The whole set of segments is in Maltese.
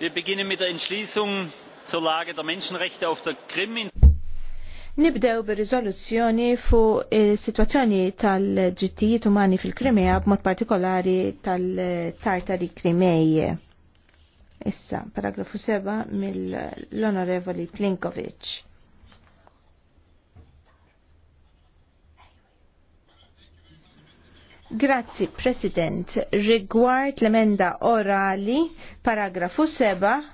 Wir beginnen mit der Entschließung zur Lage der Menschenrechte auf der Krim. Nibdew bir-riżoluzzjoni fu situazzjoni tal-ġittijiet umani fil-Krimea b'mod partikolari tal-Tartari Krimej. Issa, paragrafu 7 mill-Onorevoli Plinkovic. Grazzi, President. Rigward l-emenda orali, paragrafu 7,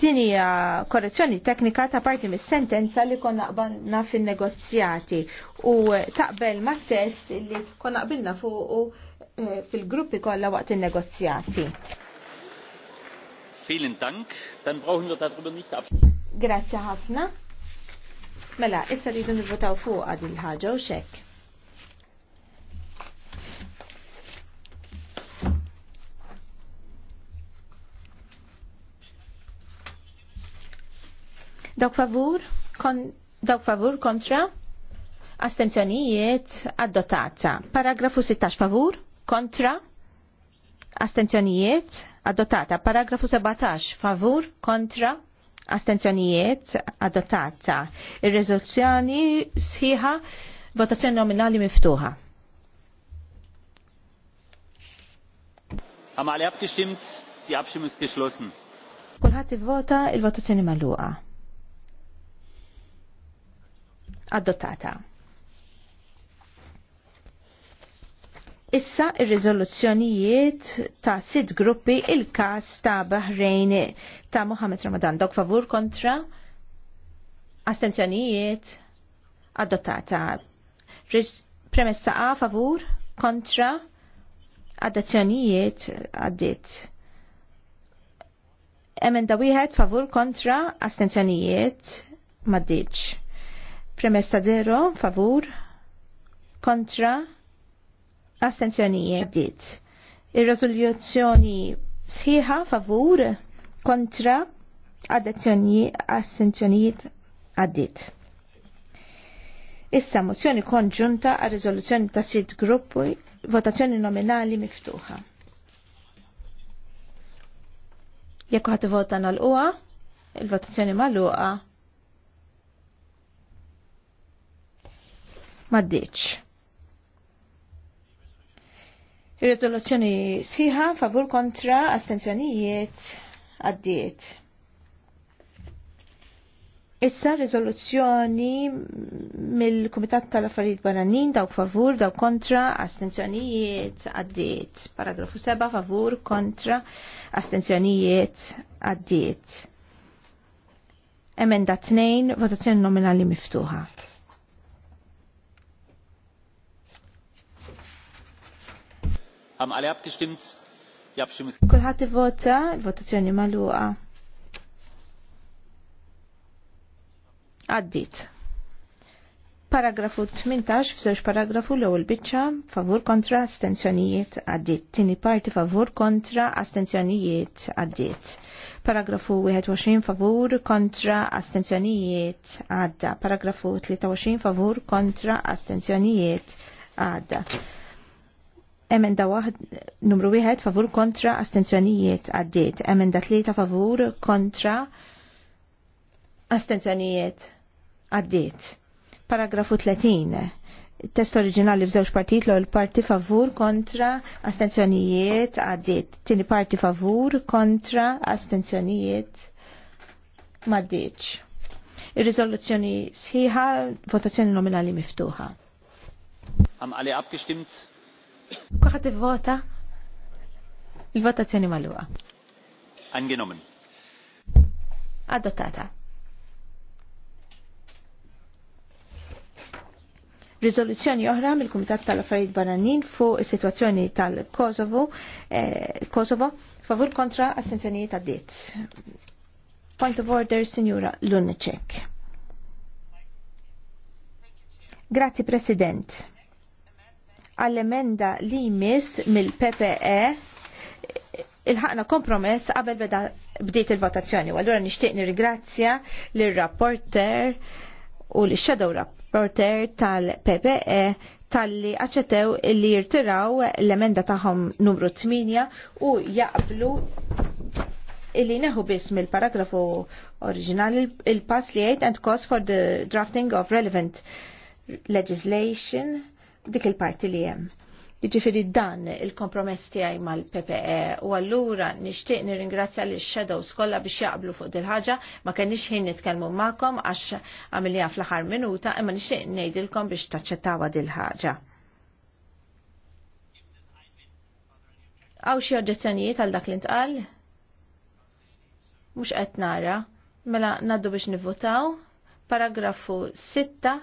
din hija korrezzjoni teknika ta' parti mis-sentenza li konna qbalna fin-negozjati u eh, taqbel ma' test li konna qbilna fuq eh, fil-gruppi kollha waqt in-negozjati. Vielen Dank, dann brauchen wir darüber nicht ab. Grazie ħafna. Mela, issa rridu nivvotaw fuq għad il-ħaġa u xekk. Dawk favur? Kon, dawk favur kontra? Astenzjonijiet adottata. Paragrafu 16 favur? Kontra? Astenzjonijiet adottata. Paragrafu 17 favur? Kontra? Astenzjonijiet adottata. Ir-rezoluzzjoni sħiħa votazzjoni nominali miftuħa. Haben alle abgestimmt? Die Abstimmung ist geschlossen. Kulħadd ivvota il-votazzjoni malluqa adottata. Issa ir-riżoluzzjonijiet ta' sit gruppi il-kas ta' Bahrain ta' Mohammed Ramadan. Dok favur kontra astenzjonijiet adottata. Premessa A favur kontra adazzjonijiet għaddit. Emenda wieħed favur kontra astenzjonijiet maddiċ. Premessa zero, favur, kontra, astenzjonijiet bdiet. Ir-rezoluzzjoni sħiħa favur, kontra, astenzjonijiet għaddit. Issa mozzjoni konġunta għal riżoluzzjoni ta' sit gruppu votazzjoni nominali miftuħa. Jekk ħat votan għal-uqa, uqa il-votazzjoni mal-uqa, maddiċ. Ir-rezoluzzjoni sħiħa favur kontra astenzjonijiet għaddiet. Issa rezoluzzjoni mill-Kumitat tal-Affarijiet Barranin dawk favur, dawk kontra, astenzjonijiet għaddiet. Paragrafu 7 favur, kontra, astenzjonijiet għaddiet. Emenda 2, votazzjoni nominali miftuħa. Haben alle abgestimmt? Die Abstimmung ist. vota, votazzjoni maluqa. Għaddit. Paragrafu 18 f'żewġ paragrafu l-ewwel biċċa favur kontra astenzjonijiet għaddiet. Tieni parti favur kontra astenzjonijiet għaddiet. Paragrafu 21 favur kontra astenzjonijiet għadda. Paragrafu 23 favur kontra astenzjonijiet għadda. Emenda wahd, numru wieħed favur kontra astenzjonijiet għaddiet. Emenda tlieta favur kontra astenzjonijiet għaddiet. Paragrafu 30. Test oriġinali f'żewġ partit l parti favur kontra astenzjonijiet għaddiet. Tini parti favur kontra astenzjonijiet maddiċ. Ir-riżoluzzjoni sħiħa, votazzjoni nominali miftuħa. Am alle abgestimmt? Kuħat vota Il-votazzjoni maluqa. Angenomen. Adottata. Rizoluzzjoni oħra mill-Kumitat tal-Affarijiet Bananin fuq is-sitwazzjoni tal-Kosovo, eh, Kosovo, favur kontra ta' dietz. Point of order, Signora Lunacek. Grazie, President għall-emenda li jmiss mill-PPE ilħaqna kompromess qabel beda bdiet il-votazzjoni. U allura nixtieq nirringrazzja lir-rapporter u l-shadow rapporter tal-PPE tal-li aċċetew li jirtiraw l-emenda taħħom numru 8 u jaqblu illi neħu biss mill-paragrafu oriġinali il-pass li jgħid and cause for the drafting of relevant legislation dik il-parti li hemm. Jiġifieri dan il-kompromess tiegħi mal-PPE u allura nixtieq nirringrazzja lix shadows kollha biex jaqblu fuq dil ħaġa ma kenniex ħin nitkellmu magħkom għax għamilja fl-aħħar minuta imma nixtieq ngħidilkom biex taċċettawha dil ħaġa. Għaw xi oġġezzjonijiet għal dak li ntqal? Mhux qed nara, mela ngħaddu biex nivvotaw. Paragrafu 6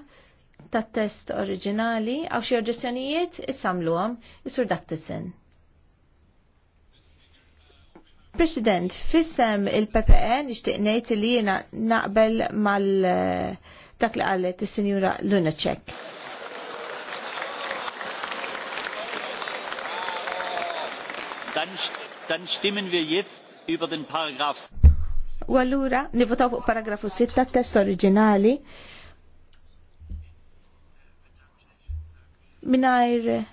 tat test oriġinali għaw xi oġġezzjonijiet issamluhom is-Sur daktisin. President, fissem il ppn e nixtieq ngħid li jiena naqbel mal eh, dak li qalet is-Sinjura Lunacek. Dan stimmen wir jetzt über den Paragraf. U allura nivotaw fuq paragrafu 6 ta' test oriġinali minajr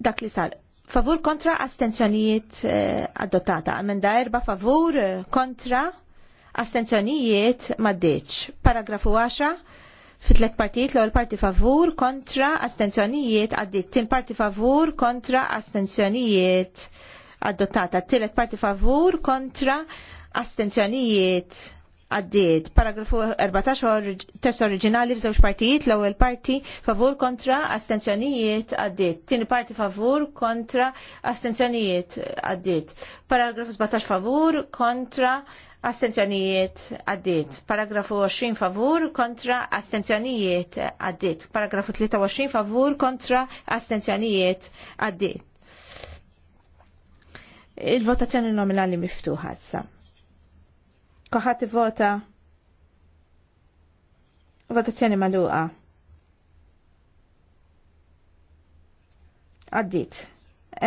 dak li sar. Favur kontra astenzjonijiet eh, adottata. Amenda erba favur eh, kontra astenzjonijiet maddeċ. Paragrafu 10 fitlet partijiet l għol parti favur kontra astenzjonijiet għaddit. Tin parti favur kontra astenzjonijiet adottata. Tilet parti favur kontra astenzjonijiet għaddiet. Paragrafu 14 test oriġinali f'żewġ partijiet, l-ewwel parti favur kontra astenzjonijiet għaddiet. Tieni parti favur kontra astenzjonijiet għaddiet. Paragrafu 17 favur kontra astenzjonijiet għaddiet. Paragrafu 20 favur kontra astenzjonijiet għaddiet. Paragrafu 23 favur kontra astenzjonijiet għaddiet. Il-votazzjoni nominali miftuħa sa kohat vota votazzjoni maluqa. Għaddit.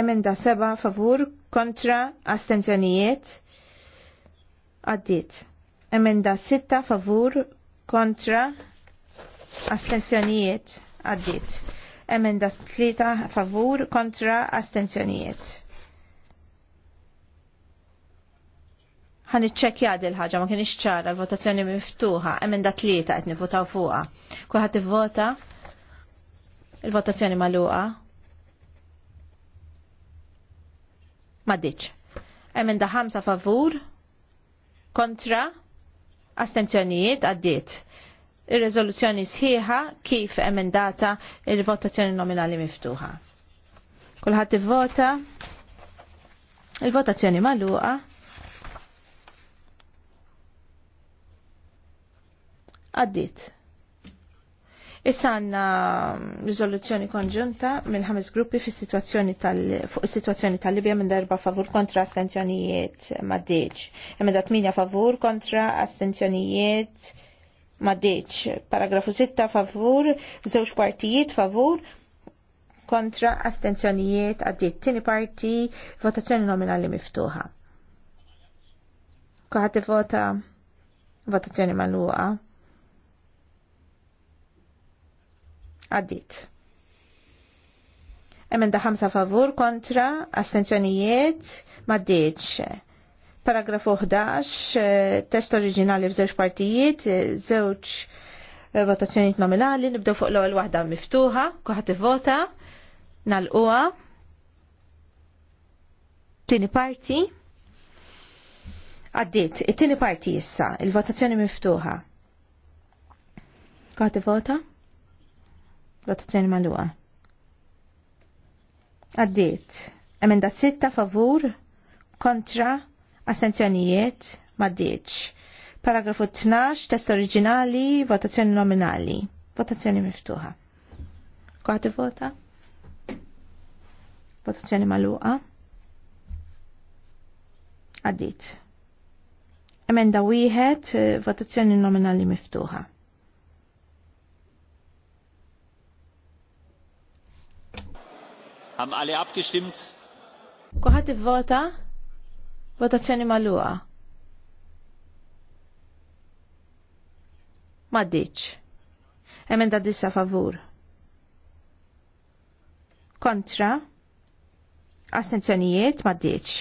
Emenda seba favur kontra astenzjonijiet. Għaddit. Emenda sitta favur kontra astenzjonijiet. Għaddit. Emenda tlita favur kontra astenzjonijiet. ħan iċċekja il ħagġa ma kienx ċara l-votazzjoni miftuħa, emenda tlieta qed nivvotaw fuqha. Kulħadd vota il-votazzjoni magħluqa. Emmen Emenda ħamsa favur, kontra, astenzjonijiet għaddiet. ir rezoluzzjoni sħiħa kif emendata il-votazzjoni nominali miftuħa. Kulħadd vota il-votazzjoni magħluqa. għaddit. Issa għanna rizoluzzjoni konġunta minn ħames gruppi fi situazzjoni tal fuq situazzjoni tal-Libja minn darba favur kontra astenzjonijiet maddeċ. da tminja favur kontra astenzjonijiet maddeċ. Paragrafu 6 favur, żewġ partijiet favur kontra astenzjonijiet għaddit. Tini parti votazzjoni nominali miftuħa. Kuħat vota votazzjoni maluqa. Għaddit. Emenda ħamsa favur kontra astenzjonijiet maddiċ. Paragrafu 11, eh, test oriġinali f'żewġ partijiet, eh, żewġ eh, votazzjoniet nominali, nibdew fuq l-ewwel waħda miftuħa, kuħat ivvota, nalquha. Tieni parti. Għaddit, it-tieni parti issa, il-votazzjoni miftuħa. Kuħat ivvota? Votazzjoni maluqa. Għaddiet. Emenda sitta favur kontra assenzjonijiet maddiċ. Paragrafu 12, test oriġinali, votazzjoni nominali. Votazzjoni miftuħa. Kwaħti vota? Votazzjoni maluqa. Għaddit. Emenda wieħed, votazzjoni nominali miftuħa. Haben alle abgestimmt? Kuħat vota Votazzjoni maluqa. Maddiċ. Emenda dissa favur. Kontra. Astenzjonijiet maddiċ.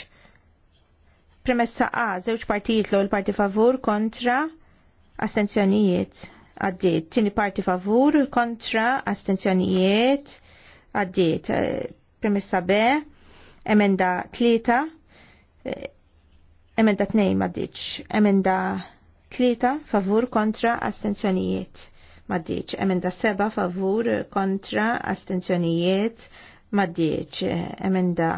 Premessa A, zewċ partijiet l parti favur kontra astenzjonijiet għaddiet. Tini parti favur kontra astenzjonijiet għaddiet Premessa B, emenda 3, eh, emenda 2 maddiċ, emenda 3 favur kontra astenzjonijiet maddiċ, emenda 7 favur kontra astenzjonijiet maddiċ, emenda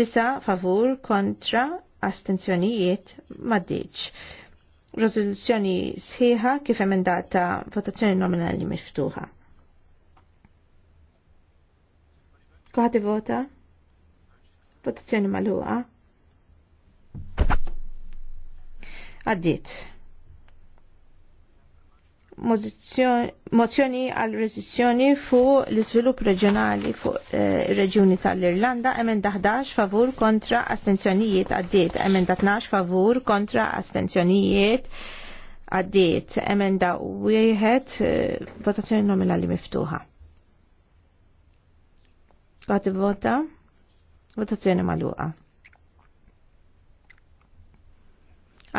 9 favur kontra astenzjonijiet maddiċ. Rezoluzzjoni sħiħa kif emendata votazzjoni nominali miftuħa. Kuħati vota? Votazzjoni maluqa. Għaddit. Mozzjoni għal rezizjoni fuq l svilup reġjonali fuq eh, reġjuni tal-Irlanda, emenda 11 favur kontra astenzjonijiet għaddiet, emenda 12 favur kontra astenzjonijiet għaddiet, emenda 1 eh, votazzjoni nominali miftuħa. Għati vota. Votazzjoni maluqa.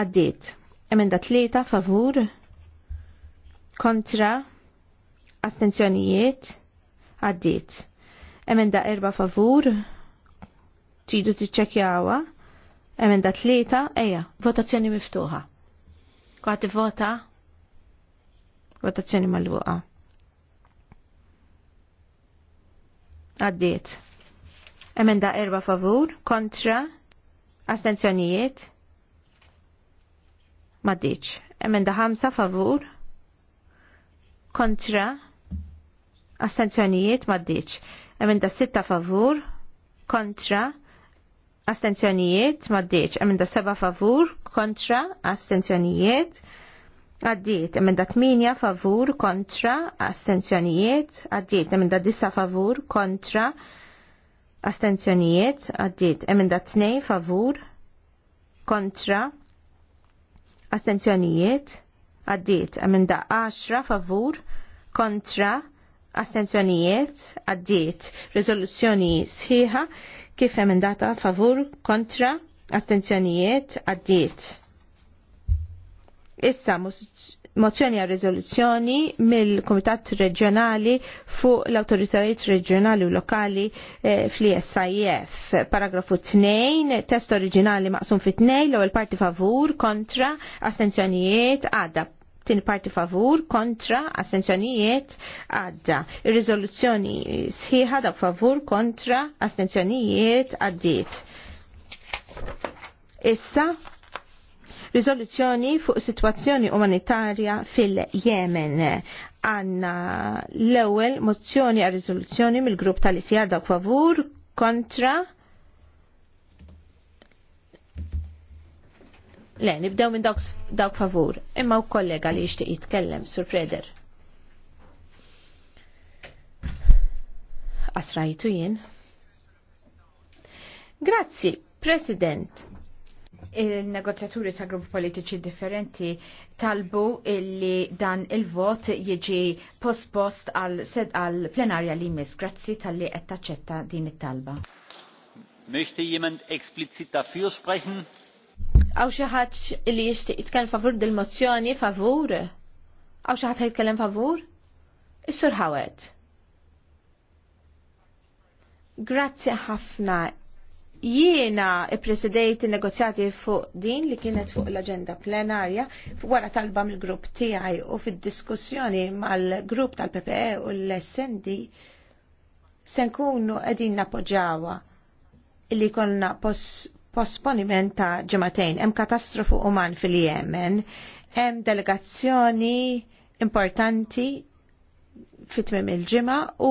Għaddit, Emenda tlieta favur. Kontra. Astenzjonijiet. għaddit. Emenda erba favur. Tridu ċekjawa Emenda tlieta. Eja, votazzjoni miftuħa. Għati vota. Votazzjoni maluqa. Għaddiet. Emenda erba favur, kontra, astenzjonijiet, maddiċ. Emenda ħamsa favur, kontra, astenzjonijiet, maddiċ. Emenda sitta favur, kontra, astenzjonijiet, maddiċ. Emenda seba favur, kontra, astenzjonijiet, maddiċ Għaddiet emenda 8 favur kontra astenzjonijiet, għaddiet emenda 9 favur kontra astenzjonijiet, għaddiet emenda 2 favur kontra astenzjonijiet, għaddiet emenda 10 favur kontra astenzjonijiet, għaddiet rezoluzzjoni sħiħa kif emendata favur kontra astenzjonijiet, għaddiet issa mozzjoni rezoluzzjoni mill-Komitat Reġjonali fuq l-Autoritajiet Reġjonali u Lokali eh, fl-ISIF. Paragrafu 2, test oriġinali maqsum fit 2, l-ewwel parti favur, kontra, astenzjonijiet, għadda. Tin parti favur, kontra, astenzjonijiet, għadda. Ir-riżoluzzjoni sħiħa da favur, kontra, astenzjonijiet, għaddiet. Issa, riżoluzzjoni fuq situazzjoni umanitarja fil-Jemen. Għanna l-ewwel mozzjoni għal riżoluzzjoni mill-grupp tal-ISR dawk favur kontra Le, nibdew minn dawk, dawk favur, imma u kollega li jixtieq jitkellem, Sur Preder. Asrajtu jien. Grazzi, President il-negozjaturi ta' gruppi politiċi differenti talbu illi dan il-vot jiġi post-post għal plenarja li mis. Grazzi tal-li qed taċċetta din it-talba. Möchte jemand explizit dafür sprechen? Aw xi ħadd li jixtieq jitkellem favur dil-mozzjoni favur? Aw xi ħadd jitkellem favur? Is-Sur Ħawet. Grazzi ħafna Jiena ippresidejt negozjati fuq din li kienet fuq l-agenda plenarja wara talba mill-grupp tiegħi u fid-diskussjoni mal-grupp tal-PPE u l-SND se nkunu qegħdin napoġġawha li konna posponiment ta' ġematejn. Hemm katastrofu uman fil-Yemen, hemm delegazzjoni importanti fitmim il ġima u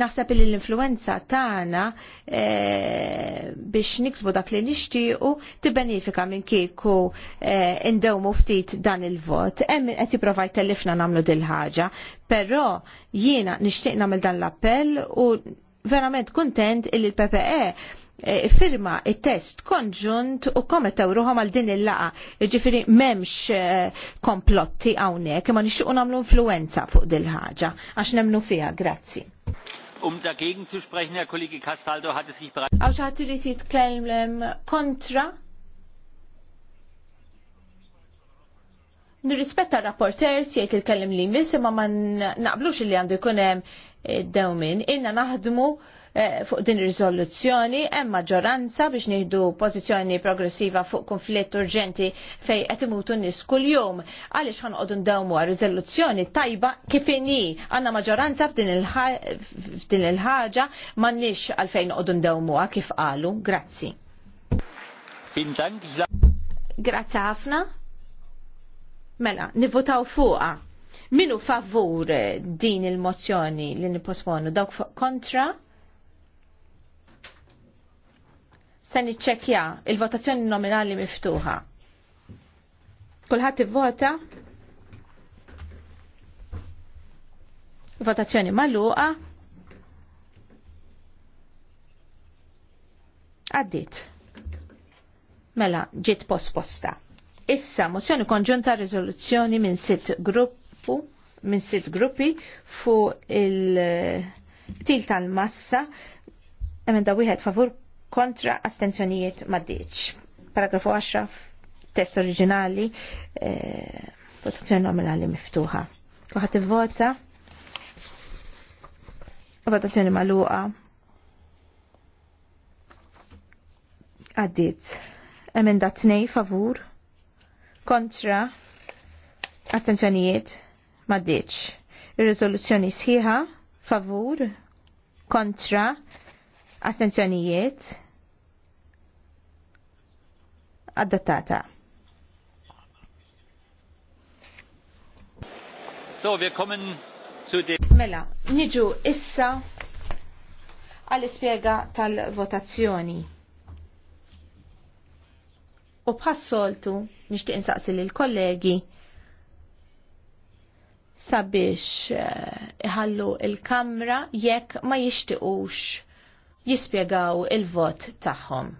naħseb li l-influenza tagħna eh, biex niksbu dak li nixtiequ tibbenefika minn kieku eh, indewmu ftit dan il-vot. Hemm qed jipprova jtellifna nagħmlu dil ħaġa, però jiena nixtieq nagħmel dan l-appell u verament kuntent illi l-PPE E, firma il-test e, konġunt u komet ruħom għal din il-laqa. Ġifiri memx e, komplotti għawnek, ma nixuqu namlu influenza fuq dil-ħagġa, għax nemnu fija, grazzi. Um dagegen zu sprechen, Herr Kollege Castaldo hat es sich bereits... hat die li titkellem kontra? Nirrispetta rapporters jgħid il-kellim li mis, ma ma naqblux li għandu jkunem Eh, dewmin. Inna naħdmu eh, fuq din ir-riżoluzzjoni hemm maġġoranza biex nieħdu pożizzjoni progressiva fuq konflitt urġenti fej qed imutu n-nies kuljum. Għaliex ħanqodu ndawmu għal riżoluzzjoni tajba kif inhi għandna maġġoranza f'din il-ħaġa m'għandniex għalfejn noqogħdu ndawmuha kif qalu. Grazzi. Grazzi ħafna. Mela, nivvotaw fuqha. Minu favur din il-mozzjoni li niposponu dawk kontra? Se niċċekja il-votazzjoni nominali miftuħa. Kulħadd ivvota? Votazzjoni magħluqa. Għaddit. Mela ġiet posposta. Issa mozzjoni konġunta riżoluzzjoni minn sitt grupp waqfu minn sitt gruppi fuq il-til tal-massa emenda wieħed favur kontra astenzjonijiet maddiċ. Paragrafu 10 test oriġinali eh, votazzjoni nominali miftuħa. Kuħat vota votazzjoni maluqa għaddit emenda 2 favur kontra astenzjonijiet ma ditx. Ir-riżoluzzjoni sħiħa favur kontra astenzjonijiet adottata. So, wir kommen zu dem... Mela, niġu issa għall-ispiega tal-votazzjoni. U bħassoltu, nishtiq insaqsi l-kollegi, sabiex eh, iħallu il-kamra jekk ma jixtiqux jispjegaw il-vot tagħhom.